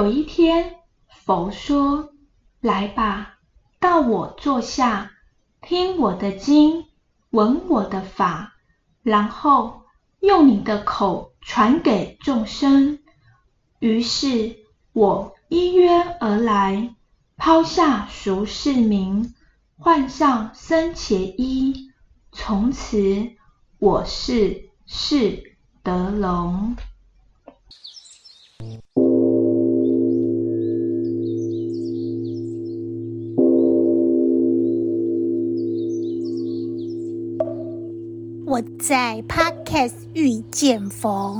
有一天，佛說：“來吧，到我座下，聽我的經，聞我的法，然後用你的口傳給眾生。”於是，我依約而來，拋下俗世名，換上僧伽衣，從此我是釋德龍。我在 Podcast 遇見佛，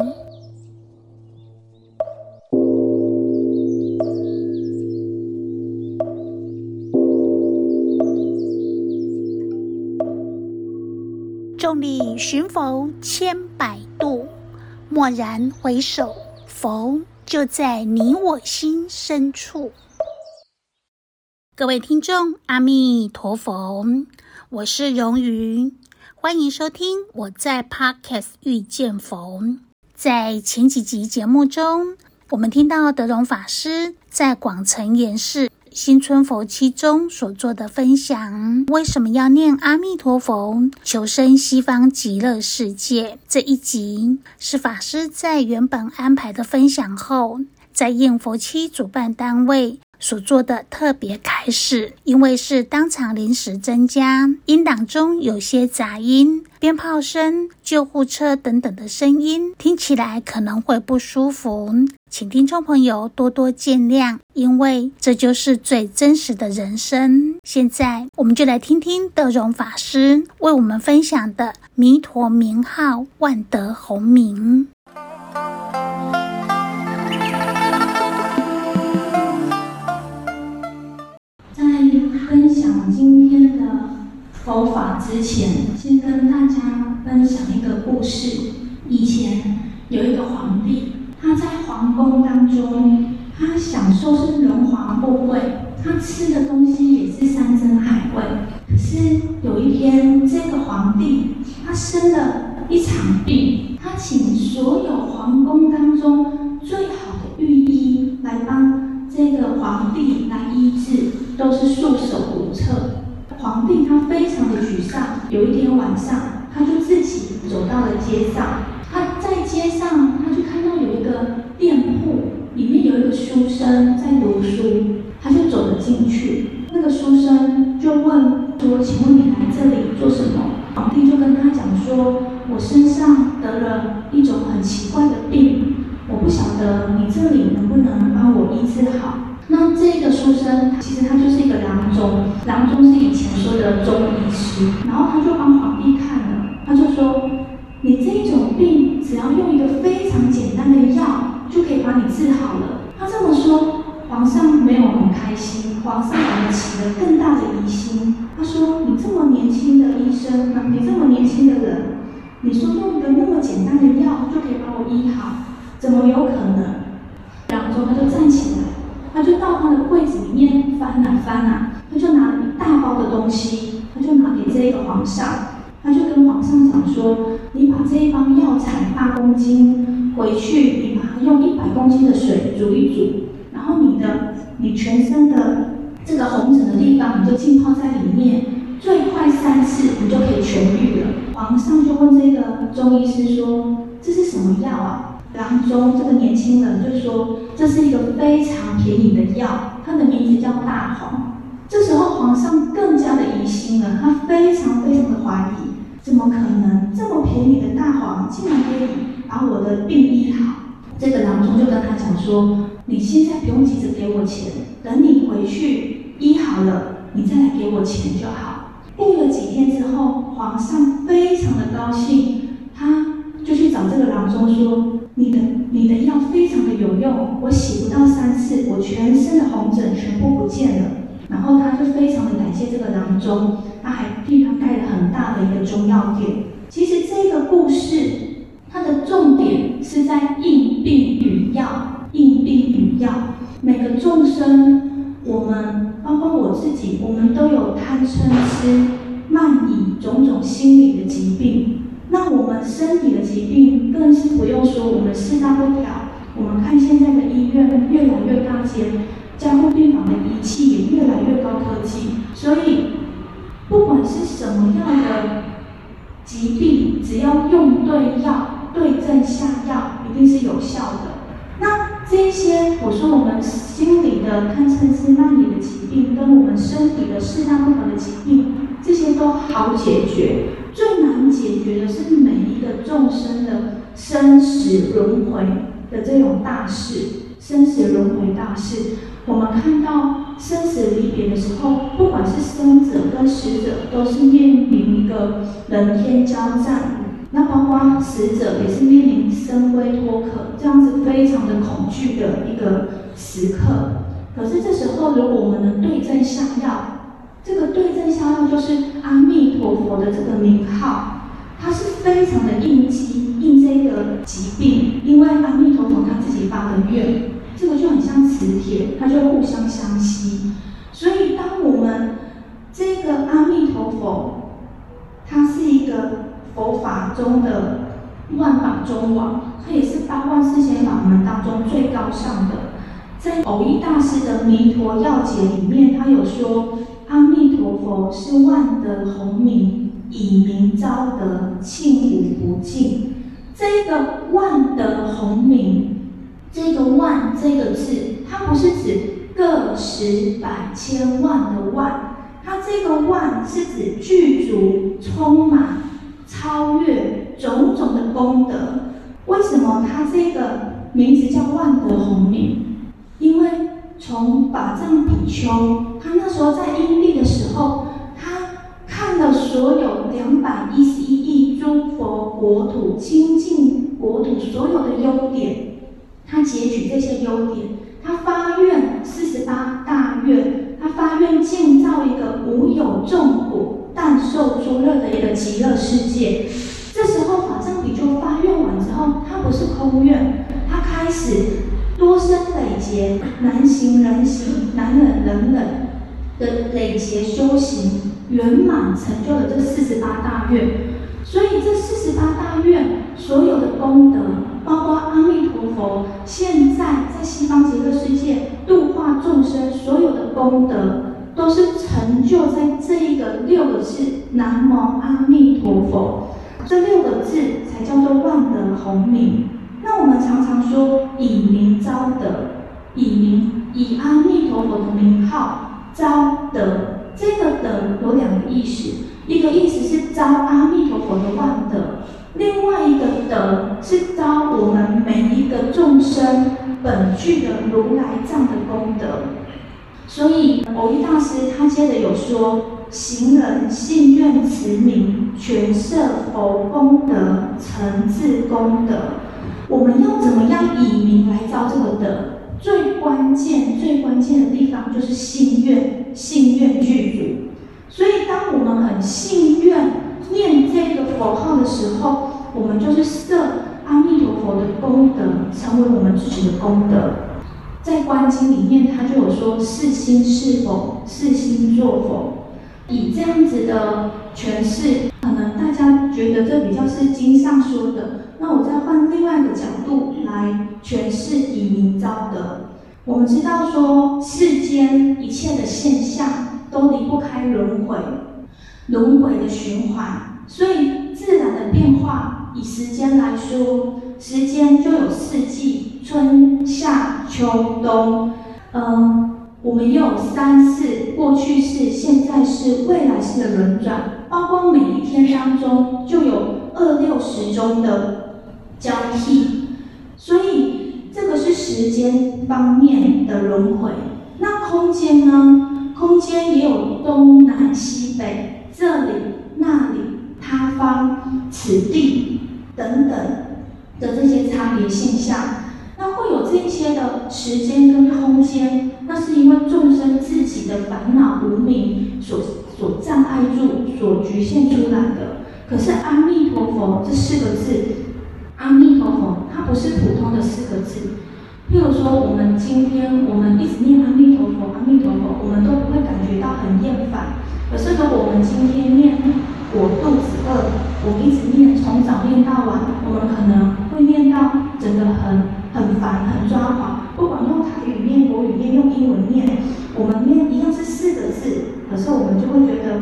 眾裡尋佛千百度，驀然回首，佛就在你我心深處。各位聽眾，阿彌陀佛，我是榮雲。歡迎收聽《我在 Podcast 遇見佛》。在前幾集節目中，我們聽到德榮法師在廣城巖寺新春佛七中所做的分享。為什麼要念阿彌陀佛，求生西方極樂世界？這一集是法師在原本安排的分享後，在念佛七主辦單位，所做的特別開始，因為是當場臨時增加，音檔中有些雜音、鞭炮聲、救護車等等的聲音，聽起來可能會不舒服，請聽眾朋友多多見諒，因為這就是最真實的人生。現在，我們就來聽聽德容法師為我們分享的《彌陀名號萬德洪名》。今天的佛法之前，先跟大家分享一個故事。以前有一個皇帝，他在皇宮當中，他享受是榮華富貴，他吃的東西也是。的中醫師，然後他就幫皇帝看了，他就說，你這種病只要用一個非常簡單的藥就可以把你治好了。他這麼說，皇上沒有很開心，皇上反而起了更大的疑心。他說，你這麼年輕的醫生，你這麼年輕的人，你說用一個那麼簡單的藥就可以把我醫好，怎麼有可能？煮一煮，然後你的你全身的這個紅疹的地方，你就浸泡在裡面，最快三次你就可以痊癒了。皇上就問這個中醫師說：“這是什麼藥啊？”郎中這個年輕人就說：“這是一個非常便宜的藥，它的名字叫大黃。”這時候皇上更加的疑心了，他非常非常的懷疑，怎麼可能這麼便宜的大黃竟然可以把我的病醫好？.這個郎中就跟他講說：“你現在不用急着給我錢，等你回去醫好了，你再來給我錢就好。”過了幾天之後，皇上非常的高興，他就去找這個郎中說：“你的你的藥非常的有用，我洗不到三次，我全身的紅疹全部不見了。”然後他就非常的感謝這個郎中，他還替他開了很大的一個中藥店。其實這個故事。它的重點是在應病與藥，應病與藥。每個眾生，我們包括我自己，我們都有貪嗔癡、慢疑、種種心理的疾病。那我們身體的疾病更是不用說，我們四大不調。我們看現在的醫院越來越大間，加護病房的儀器也越來越高科技。所以，不管是什麼樣的疾病，只要用對藥，對症下藥一定是有效的。那這些我說我們心理的看似是慢性的疾病，跟我們身體的四大不同的疾病，這些都好解決。最難解決的是每一個眾生的生死輪迴的這種大事，生死輪迴大事。我們看到生死離別的時候，不管是生者跟死者，都是面臨一個人天交戰。那包括死者也是面臨生危脫殼，這樣子非常的恐懼的一個時刻。可是這時候，如果我們能對症下藥，這個對症下藥就是阿彌陀佛的這個名號，它是非常的應機，應這個疾病，因為阿彌陀佛他自己發的願，這個就很像磁鐵，它就互相相吸。所以當我們這個阿彌陀佛，它是一個。佛法中的萬法中王，這也是八萬四千法門當中最高尚的。在蕅益大師的《彌陀要解》裡面，他有說：“阿彌陀佛是萬德洪名，以名召德，罄無不盡。”這個“萬德洪名”，這個“萬”這個字，它不是指個、十、百、千、萬的萬，它這個“萬”是指具足、充滿。超越種種的功德，為什麼他這個名字叫萬德洪名？嗯、因為從法藏比丘，他那時候在因地的時候，他看了所有兩百一十一億諸佛國土清淨國土所有的優點，他截取這些優點，他發願四十八大願，他發願建造一個無有眾苦。受諸樂的一個極樂世界。這時候法藏比丘發願完之後，他不是空願，他開始多生累劫，難行能行，難忍能忍的累劫修行，圓滿成就了這四十八大願。所以這四十八大願所有的功德，包括阿彌陀佛現在在西方極樂世界度化眾生所有的功德。都是成就在這一個六個字“南無阿彌陀佛”，這六個字才叫做萬德洪名。那我們常常說以名召德，以名以阿彌陀佛的名號召德。這個德有兩個意思，一個意思是召阿彌陀佛的萬德，另外一個德是召我們每一個眾生本具的如來藏的功德。所以，蕅益大師他接着有說：行人信願持名，全攝佛功德成自功德。我們要怎麼樣以名來召這個德？最關鍵、最關鍵的地方就是信願，信願具足。所以，當我們很信願念這個佛號的時候，我們就是攝阿彌陀佛的功德，成為我們自己的功德。在觀經裡面，他就有說：是心是佛，是心若佛，以這樣子的詮釋，可能大家覺得這比較是經上說的。那我再換另外一個角度來詮釋，以名召德。我們知道說，世間一切的現象都離不開輪迴，輪迴的循環，所以自然的變化，以時間來說，時間就有四季。春夏秋冬，嗯，我們也有三世、過去世、現在世、未來世的輪轉，包括每一天當中就有二六時中的交替，所以這個是時間方面的輪迴。那空間呢？空間也有東南西北、這裡、那裡、他方、此地等等的這些差別現象。它會有這一些的時間跟空間，那是因為眾生自己的煩惱無明所所障礙住、所局限出來的。可是阿彌陀佛這四個字，阿彌陀佛，它不是普通的四個字。譬如說，我們今天我們一直念阿彌陀佛、阿彌陀佛，我們都不會感覺到很厭煩；可是呢，我們今天念我肚子餓，我一直念，從早念到晚，我們可能。會念到整個很很煩很抓狂，不管用台語念，國語念、用英文念，我們念一樣是四個字，可是我們就會覺得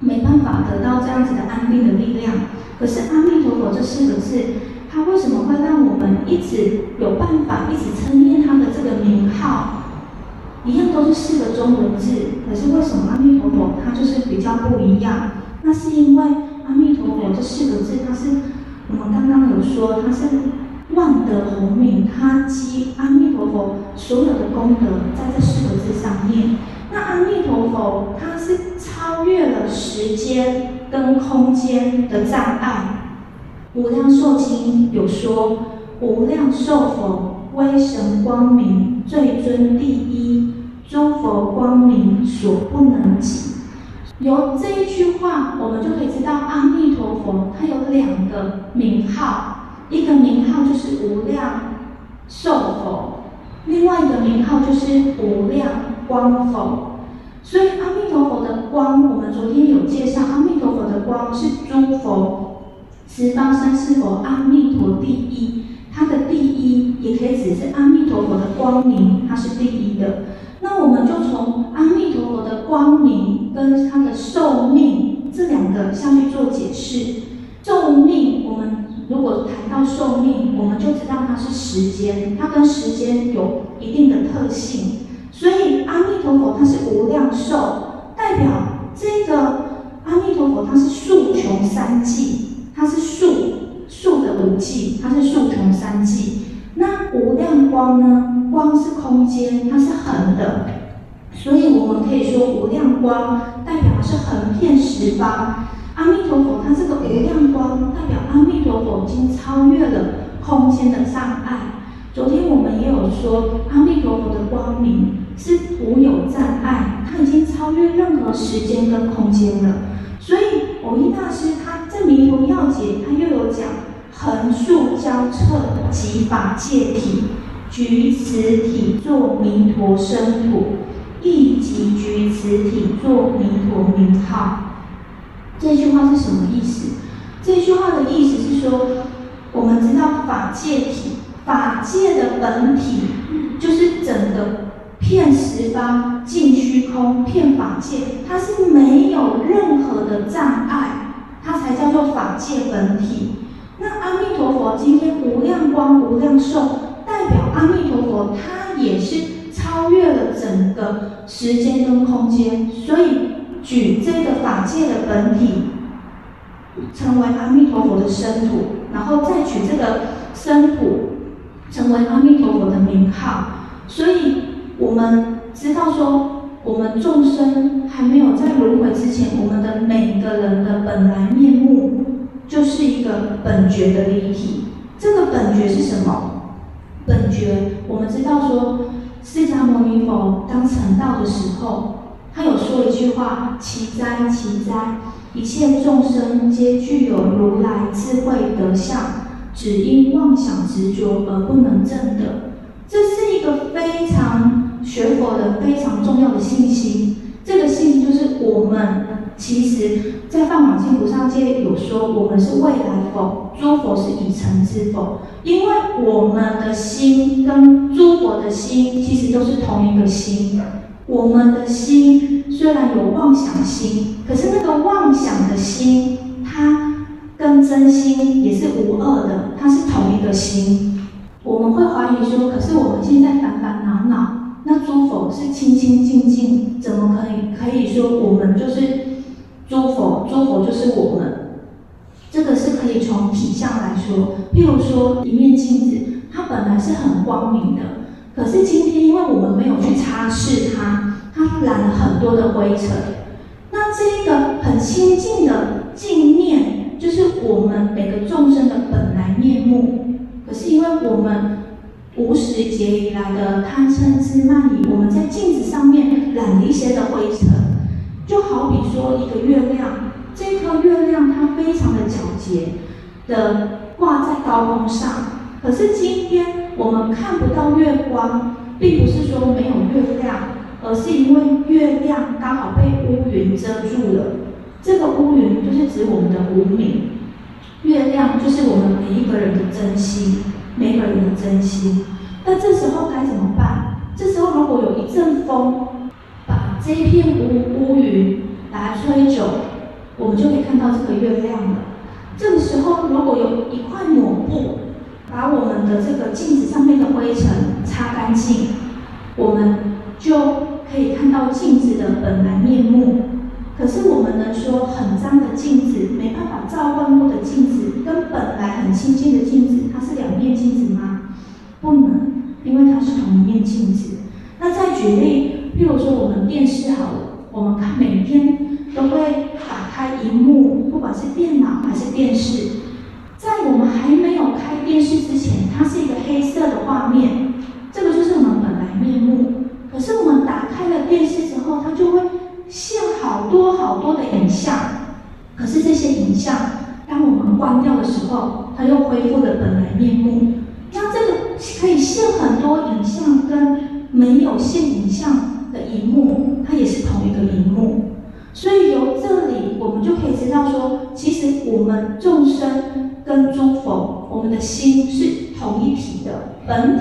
沒辦法得到這樣子的安定的力量。可是阿彌陀佛這四個字，他為什麼會讓我們一直有辦法，一直稱念他的這個名號？一樣都是四個中文字，可是為什麼阿彌陀佛他就是比較不一樣？那是因為阿彌陀佛這四個字，他是。我們、嗯、剛剛有說，他是萬德洪名，他積阿彌陀佛所有的功德，在這四個字上面。那阿彌陀佛，他是超越了時間跟空間的障礙。無量壽經有說，無量壽佛威神光明最尊第一，諸佛光明所不能。由這一句話，我們就可以知道阿彌陀佛它有兩個名號，一個名號就是無量壽佛，另外一個名號就是無量光佛。所以阿彌陀佛的光，我們昨天有介紹，阿彌陀佛的光是諸佛，十方三世佛阿彌陀第一，他的第一也可以指是阿彌陀佛的光明，他是第一的。那我們就從阿彌陀佛的光明。跟它的壽命這兩個下面做解釋。壽命，我們如果談到壽命，我們就知道它是時間，它跟時間有一定的特性。所以阿彌陀佛它是無量壽，代表這個阿彌陀佛它是豎窮三際，它是豎，豎的無際，它是豎窮三際，那無量光呢？光是空間，它是橫的。所以我們可以說，無量光代表的是橫遍十方。阿彌陀佛他這個無量光代表阿彌陀佛已經超越了空間的障礙。昨天我們也有說，阿彌陀佛的光明是無有障礙，他已經超越任何時間跟空間了。所以，蕅益大師他在《彌陀要解》他又有講：橫豎交徹即法界體，舉此體作彌陀身土。亦即舉此體，作彌陀名號。這句話是什麼意思？這句話的意思是說，我們知道法界體，法界的本體就是整個遍十方盡虛空，遍法界，它是沒有任何的障礙，它才叫做法界本體。那阿彌陀佛今天無量光無量壽，代表阿彌陀佛，他也是。超越了整個時間跟空間，所以取這個法界的本體，成為阿彌陀佛的身土，然後再取這個身土，成為阿彌陀佛的名號。所以我們知道說，我們眾生還沒有在輪迴之前，我們的每個人的本來面目，就是一個本覺的立體。這個本覺是什麼？本覺，我們知道說。釋迦牟尼佛當成道的時候，他有說一句話：“奇哉，奇哉！一切眾生皆具有如來智慧德相，只因妄想執着而不能證得。”這是一個非常學佛的非常重要的信心。這個信心就是我們。其實，在《梵網經·菩薩戒》有說，我們是未來佛，諸佛是已成之佛。因為我們的心跟諸佛的心其實都是同一個心。我們的心雖然有妄想心，可是那個妄想的心，它跟真心也是無二的，它是同一個心。我們會懷疑說，可是我們現在煩煩惱惱，那諸佛是清清淨淨，怎麼可以可以說我們就是？就是我們，這個是可以從體相來說。譬如說一面鏡子，它本來是很光明的，可是今天因為我們沒有去擦拭它，它染了很多的灰塵。那這一個很清淨的鏡面，就是我們每個眾生的本來面目。可是因為我們無始劫以來的貪瞋痴慢疑，我們在鏡子上面染了一些的灰塵，就好比說一個月亮。這顆月亮它非常的皎潔的掛在高空上，可是今天我們看不到月光，並不是說沒有月亮，而是因為月亮剛好被烏雲遮住了。這個烏雲就是指我們的無明，月亮就是我們每一個人的真心，每個人的真心。那這時候該怎麼辦？這時候如果有一陣風把這片烏烏雲來吹走。我們就可以看到這個月亮了。這個時候，如果有一塊抹布把我們的這個鏡子上面的灰塵擦乾淨，我們就可以看到鏡子的本來面目。可是，我們能說很髒的鏡子沒辦法照萬物的鏡子，跟本來很清淨的鏡子，它是兩面鏡子嗎？不能，因為它是同一面鏡子。那再舉例，譬如說我們電視。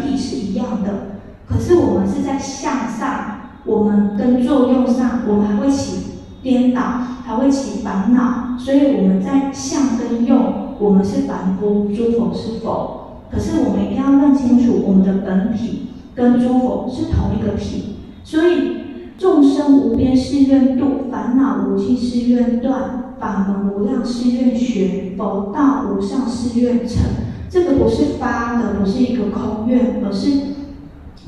體是一樣的，可是我們是在相上，我們跟作用上，我們還會起顛倒，還會起煩惱，所以我們在相跟用，我們是凡夫，諸佛是佛。可是我們一定要弄清楚，我們的本體跟諸佛是同一個體。所以眾生無邊誓願度，煩惱無盡誓願斷，法門無量誓願學，佛道無上誓願成。這個不是發的，不是一個空願，而是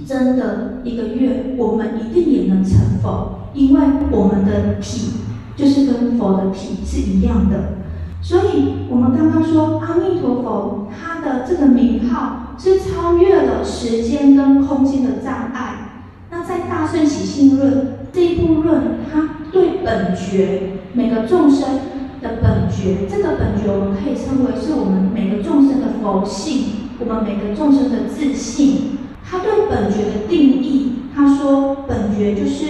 真的一個願。我們一定也能成佛，因為我們的體就是跟佛的體是一樣的。所以，我們剛剛說阿彌陀佛他的這個名號是超越了時間跟空間的障礙。那在《大乘起信論》這一部論，他對本覺每個眾生的本覺，這個本覺我們可以稱為是我們每個眾生。佛性，我們每個眾生的自性。他對本覺的定義，他說本覺就是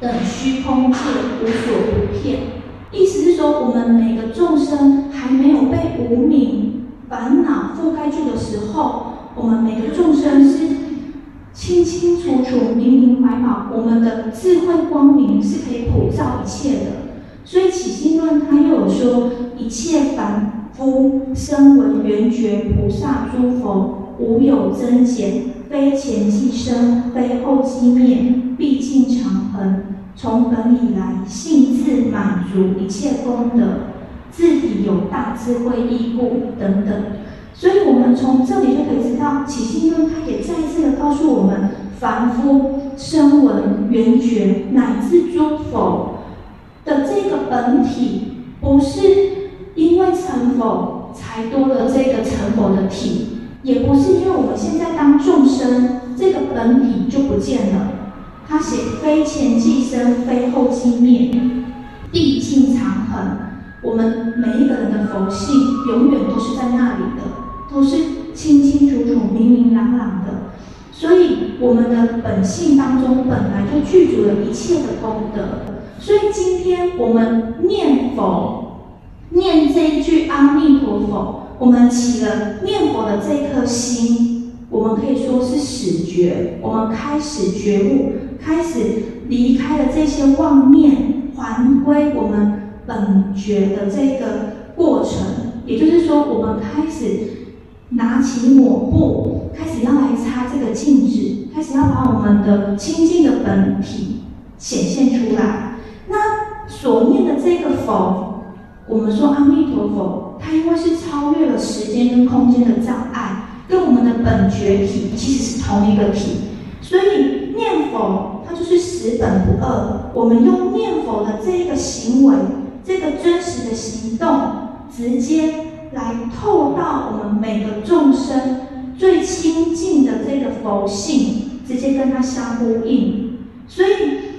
等虛空界無所不遍，意思是說我們每個眾生還沒有被無明煩惱覆蓋住的時候，我們每個眾生是清清楚楚、明明白白，我們的智慧光明是可以普照一切的。所以起信論它又有說一切煩惱。夫聲聞緣覺菩薩諸佛，無有增減，非前即生，非後即滅，畢竟常恆。從本以來，性自滿足，一切功德，自體有大智慧義故。等等。所以，我們從這裡就可以知道，起信論它也再一次的告訴我們，凡夫聲聞緣覺乃至諸佛的這個本體不是。因為成佛才多了這個成佛的體，也不是因為我們現在當眾生這個本體就不見了。他寫非前即生，非後即滅，畢竟常恆。我們每一個人的佛性永遠都是在那裡的，都是清清楚楚、明明朗朗的。所以我們的本性當中本來就具足了一切的功德。所以今天我們念佛。念這一句阿彌陀佛，我們起了念佛的這顆心，我們可以說是始覺，我們開始覺悟，開始離開了這些妄念，還歸我們本覺的這個過程。也就是說，我們開始拿起抹布，開始要來擦這個鏡子，開始要把我們的清淨的本體顯現出來。那所念的這個佛。我們說阿彌陀佛，他因為是超越了時間跟空間的障礙，跟我們的本覺體其實是同一個體，所以念佛它就是始本不二。我們用念佛的這個行為，這個真實的行動，直接來透到我們每個眾生最親近的這個佛性，直接跟他相呼應，所以。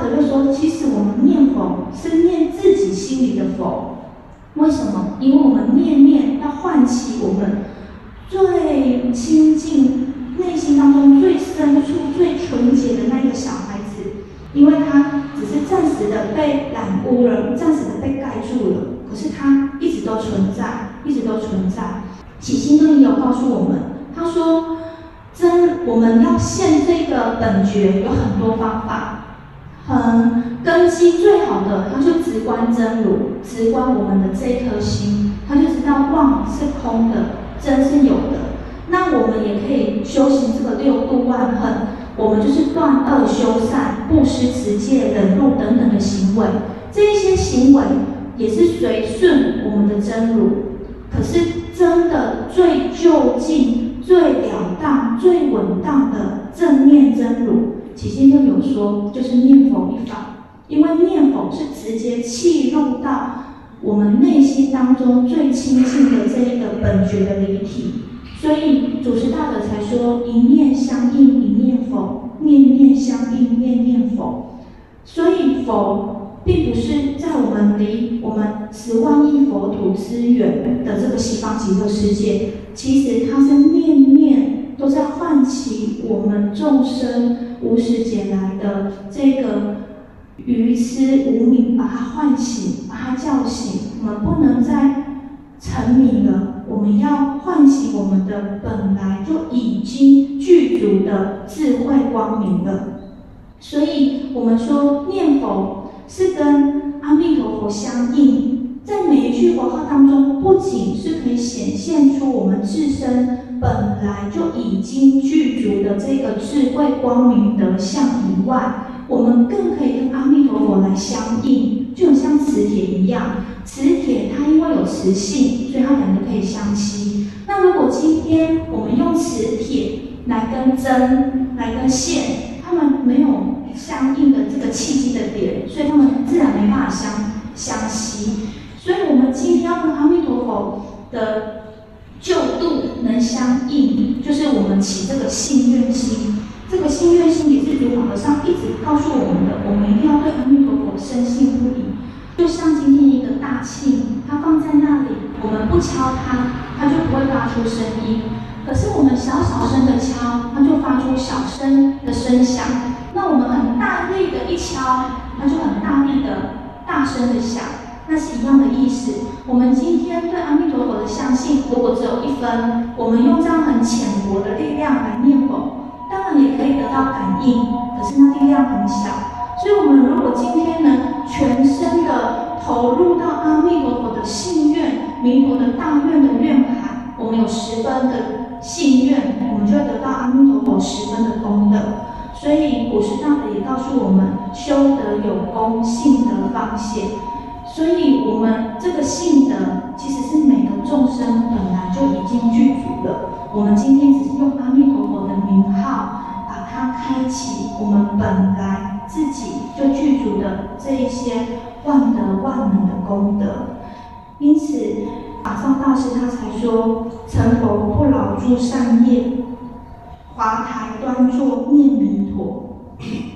或者就說，其實我們念佛是念自己心裡的佛，為什麼？因為我們念念要喚起我們最親近、內心當中最深處、最純潔的那個小孩子，因為他只是暫時的被染污了，暫時的被蓋住了，可是他一直都存在，一直都存在。起心動念有告訴我們，他說，真我們要現這個本覺有很多方法。很、嗯、根基最好的，他就直觀真如，直觀我們的這一顆心，他就知道妄是空的，真是有的。那我們也可以修行這個六度萬行，我們就是斷惡修善、布施、持戒、忍辱等等的行為，這一些行為也是隨順我們的真如。可是真的最究竟、最了當、最穩當的正面真如。起先就有說，就是念佛一法，因為念佛是直接契入到我們內心當中最親近的這一個本覺的理體，所以祖師大德才說，一念相應一念佛，念念相應念念佛。所以佛並不是在我們離我們十萬億佛土之遠的這個西方極樂世界，其實它是念念都在喚起我們眾生。無始劫來的這個愚癡無明，把他喚醒，把他叫醒。我們不能再沉迷了，我們要喚醒我們的本來就已經具足的智慧光明了。所以，我們說念佛是跟阿彌陀佛相應，在每一句佛號當中，不僅是可以顯現出我們自身。本來就已經具足的這個智慧光明德相以外，我們更可以跟阿彌陀佛來相應，就像磁鐵一樣。磁鐵它因為有磁性，所以它兩個可以相吸。那如果今天我們用磁鐵來跟針來跟線，它們沒有相應的這個契機的點，所以它們自然沒辦法相相吸。所以我們今天要跟阿彌陀佛的。相應就是我們起這個信任心，這個信任心也是諸佛上一直告訴我們的，我們一定要對阿彌陀佛深信不疑。就像今天一個大磬，它放在那裡，我們不敲它，它就不會發出聲音；可是我們小小聲的敲，它就發出小聲的聲響。那我們很大力的一敲，它就很大力的大聲的響，那是一樣的意思。我們今天對阿彌。我相信，如果只有一分，我們用這樣很淺薄的力量來念佛，當然也可以得到感應。可是那力量很小，所以我們如果今天能全身的投入到阿彌陀佛的信願彌陀的大願的願海，我們有十分的信願，我們就會得到阿彌陀佛十分的功德。所以古時大德也告訴我們：修德有功，信德方顯。所以我們這個信德其實是。眾生本來就已經具足了，我們今天只是用阿彌陀佛的名號把它開啟，我們本來自己就具足的這一些萬德萬能的功德。因此，法上大師他才說：“成佛不勞諸善業，華台端坐念彌陀。”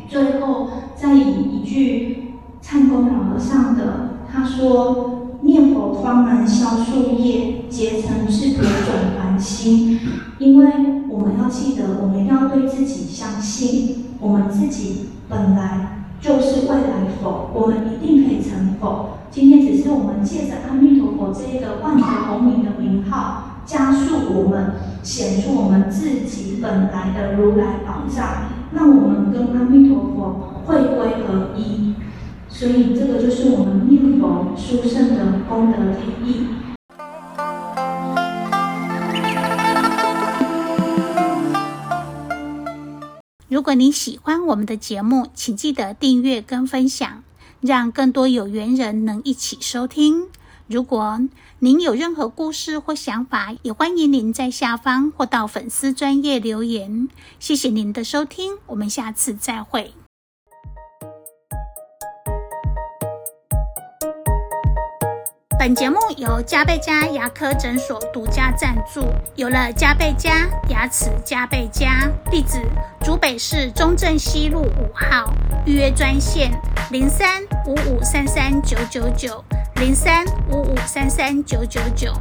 最後再以一句唱功老和尚的，他說。念佛方能消宿業，竭誠自可轉凡心。因為我們要記得，我們要對自己相信，我們自己本來就是未來佛，我們一定可以成佛。今天只是我們借着阿彌陀佛這一個萬德洪名的名號，加速我們顯出我們自己本來的如來寶藏，讓我們跟阿彌陀佛會歸合一。所以，這個就是我們念佛、殊勝的功德利益。如果您喜歡我們的節目，請記得訂閱跟分享，讓更多有緣人能一起收聽。如果您有任何故事或想法，也歡迎您在下方或到粉絲專頁留言。謝謝您的收聽，我們下次再會。本節目由嘉貝嘉牙科診所獨家贊助。有了嘉貝嘉牙齒加倍加，嘉貝嘉地址：竹北市中正西路五號，預約專線：零三五五三三九九九，零三五五三三九九九。